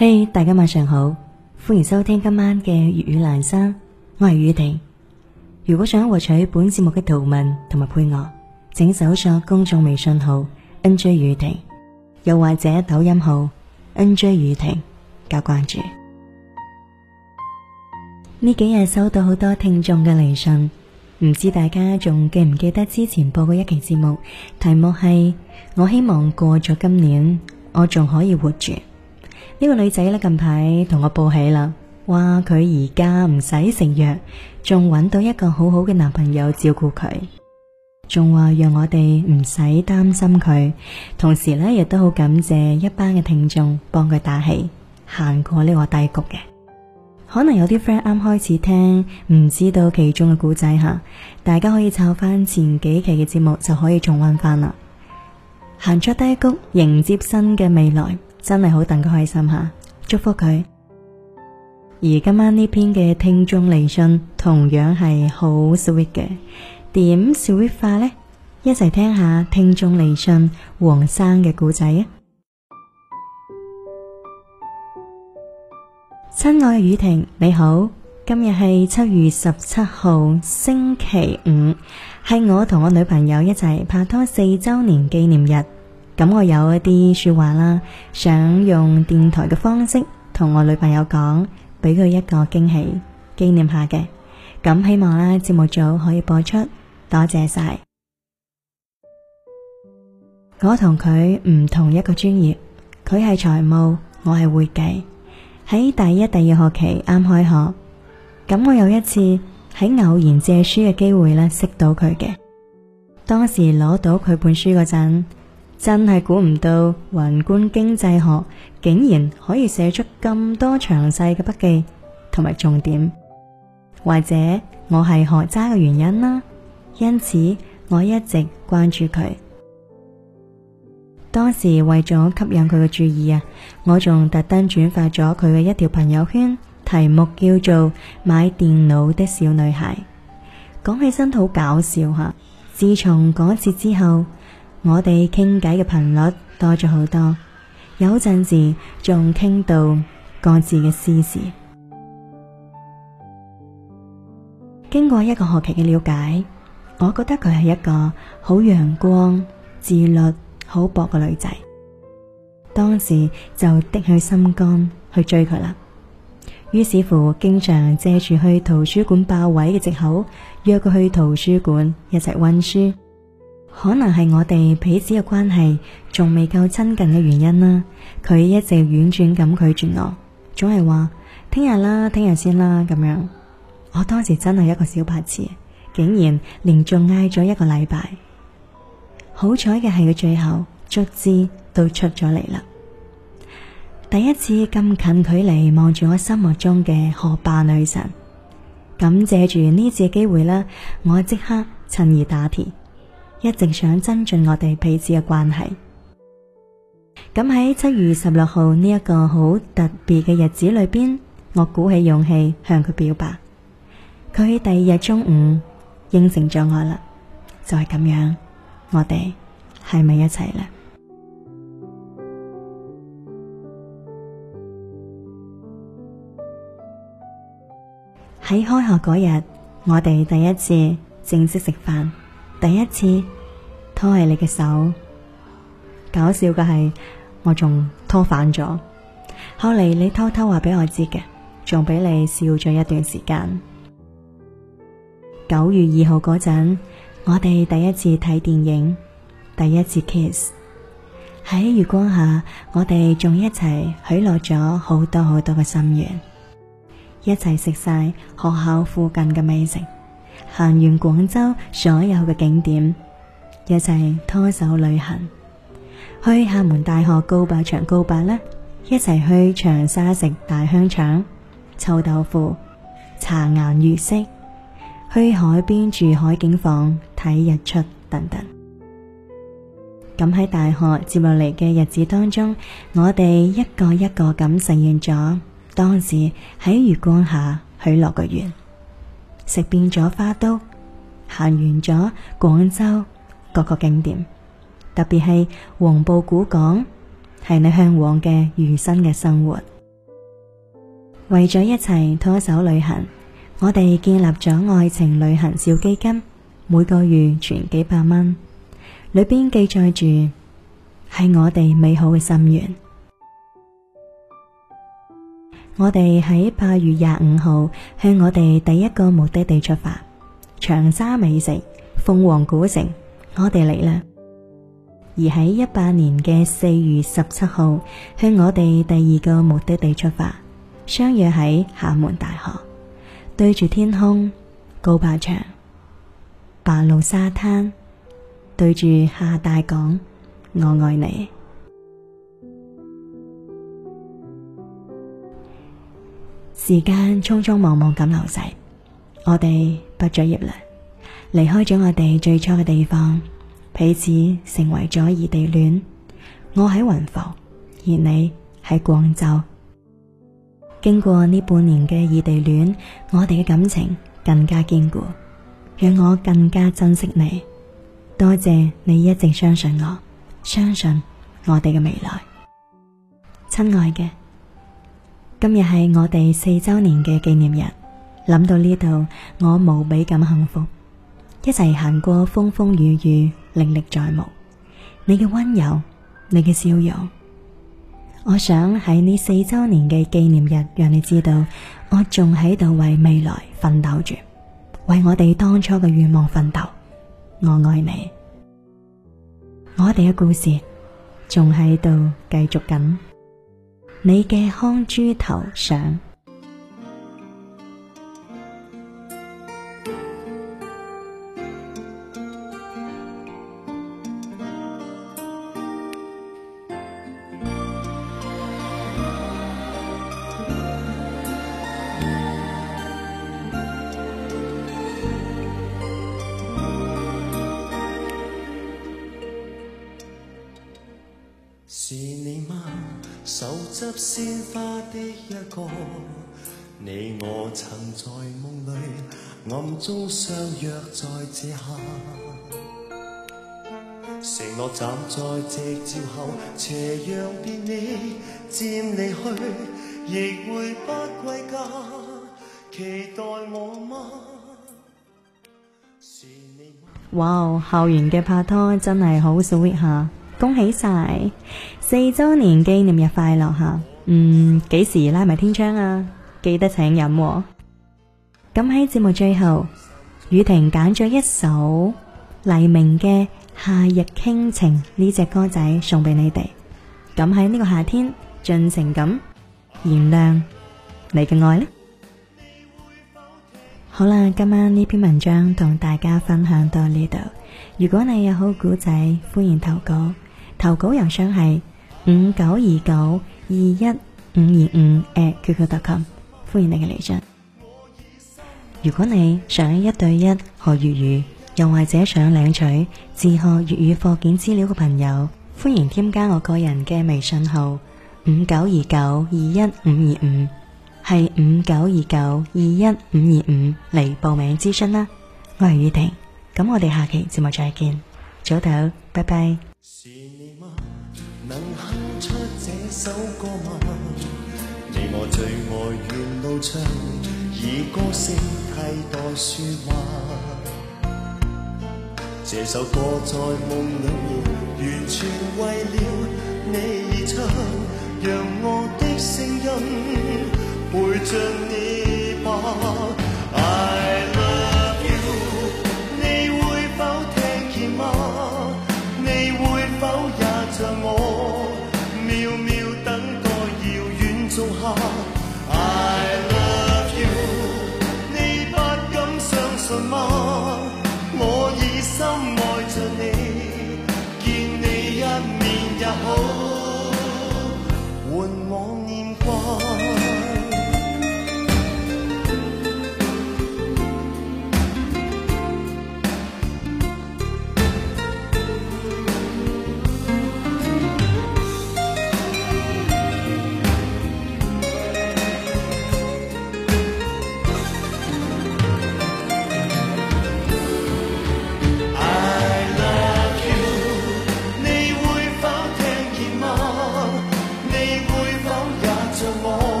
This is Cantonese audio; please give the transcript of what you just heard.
嘿，hey, 大家晚上好，歡迎收聽今晚嘅粵語闌珊，我係雨婷。如果想獲取本節目嘅圖文同埋配樂，請搜索公眾微信號 nj 雨婷，又或者抖音號 nj 雨婷加關注。呢幾日收到好多聽眾嘅嚟信，唔知大家仲記唔記得之前播過一期節目，題目係我希望過咗今年，我仲可以活住。呢個女仔咧，近排同我報喜啦，話佢而家唔使食藥，仲揾到一個好好嘅男朋友照顧佢，仲話讓我哋唔使擔心佢。同時呢，亦都好感謝一班嘅聽眾幫佢打氣，行過呢個低谷嘅。可能有啲 friend 啱開始聽，唔知道其中嘅故仔吓，大家可以抄翻前幾期嘅節目就可以重溫翻啦。行出低谷，迎接新嘅未來。真係好等佢開心吓，祝福佢。而今晚呢篇嘅聽眾嚟信，同樣係好 sweet 嘅，點 sweet 化呢？一齊聽下聽眾嚟信，黃生嘅故仔啊！親愛嘅雨婷，你好，今日係七月十七號星期五，係我同我女朋友一齊拍拖四周年紀念日。咁我有一啲說話啦，想用電台嘅方式同我女朋友講，俾佢一個驚喜紀念下嘅。咁希望啦，節目組可以播出，多謝晒。 我同佢唔同一個專業，佢係財務，我係會計。喺第一、第二學期啱開學，咁我有一次喺偶然借書嘅機會咧，識到佢嘅。當時攞到佢本書嗰陣。真係估唔到宏觀經濟學竟然可以寫出咁多詳細嘅筆記同埋重點，或者我係學渣嘅原因啦。因此我一直關注佢。當時為咗吸引佢嘅注意啊，我仲特登轉發咗佢嘅一條朋友圈，題目叫做《買電腦的小女孩》。講起身好搞笑吓。自從嗰次之後，我哋傾偈嘅頻率多咗好多，有陣時仲傾到各自嘅私事。經過一個學期嘅了解，我覺得佢係一個好陽光、自律、好博嘅女仔。當時就的去心肝去追佢啦，於是乎經常借住去圖書館霸位嘅借口，約佢去圖書館一齊溫書。可能係我哋彼此嘅關係仲未夠親近嘅原因啦。佢一直婉轉咁拒絕我，總係話聽日啦，聽日先啦咁樣。我當時真係一個小白痴，竟然連續嗌咗一個禮拜。好彩嘅係，佢最後卒之都出咗嚟啦。第一次咁近距離望住我心目中嘅學霸女神，咁借住呢次機會啦，我即刻趁而打鐵。一直想增進我哋彼此嘅關係，咁喺七月十六號呢一個好特別嘅日子裏邊，我鼓起勇氣向佢表白，佢喺第二日中午應承咗我啦，就係咁樣，我哋係咪一齊啦？喺 開學嗰日，我哋第一次正式食飯。第一次拖係你嘅手，搞笑嘅係我仲拖反咗。後嚟你偷偷話俾我知嘅，仲俾你笑咗一段時間。九月二號嗰陣，我哋第一次睇電影，第一次 kiss。喺月光下，我哋仲一齊許落咗好多好多嘅心願，一齊食晒學校附近嘅美食。行完廣州所有嘅景點，一齊拖手旅行，去廈門大學告白場告白啦，一齊去長沙食大香腸、臭豆腐、茶顏悦色，去海邊住海景房睇日出等等。咁喺大學接落嚟嘅日子當中，我哋一個一個咁實現咗當時喺月光下許落嘅願。食遍咗花都，行完咗廣州各個景點，特別係黃埔古港，係你向往嘅餘生嘅生活。 為咗一齊拖手旅行，我哋建立咗愛情旅行小基金，每個月存幾百蚊，裏邊記載住，係我哋美好嘅心願。我哋喺八月廿五號向我哋第一個目的地出發，長沙美食、鳳凰古城，我哋嚟啦。而喺一八年嘅四月十七號，向我哋第二個目的地出發，相約喺廈門大學，對住天空告白牆，白鷺沙灘，對住廈大講，我愛你。時間匆匆忙忙咁流逝，我哋畢咗業啦，離開咗我哋最初嘅地方，彼此成為咗異地戀。我喺雲浮，而你喺廣州。經過呢半年嘅異地戀，我哋嘅感情更加堅固，讓我更加珍惜你。多謝你一直相信我，相信我哋嘅未來。親愛嘅。今日係我哋四周年嘅紀念日，諗到呢度，我無比咁幸福，一齊行過風風雨雨，歷歷在目。你嘅溫柔，你嘅笑容，我想喺呢四周年嘅紀念日，讓你知道，我仲喺度為未來奮鬥住，為我哋當初嘅願望奮鬥。我愛你，我哋嘅故事仲喺度繼續緊。你嘅康珠頭像，是你嗎？手執鮮花的一個你，你我我曾在夢裡暗中相約站在夕照後斜陽別你佔你去，亦會不歸家。期待我嗎是你嗎哇，wow, 校園嘅拍拖真係好 sweet 下。恭喜晒，四周年紀念日快樂吓！嗯，幾時拉埋天窗啊？記得請飲。咁喺節目最後，雨婷揀咗一首黎明嘅《夏日傾情》呢隻歌仔送俾你哋。咁喺呢個夏天，盡情咁燃亮你嘅愛呢。好啦，今晚呢篇文章同大家分享到呢度。如果你有好古仔，歡迎投稿。投稿郵箱係五九二九二一五二五艾特，QQ 點 com，歡迎你嘅嚟信。如果你想一對一學粵語，又或者想領取自學粵語課件資料嘅朋友，歡迎添加我個人嘅微信號五九二九二一五二五，係五九二九二一五二五嚟報名諮詢啦。我係雨婷，咁我哋下期節目再見，早唞，拜拜。是你嗎？能哼出這首歌嗎？你我最愛沿路唱，以歌聲替代説話。這首歌在夢裏面完全為了你而唱，讓我的聲音陪着你吧。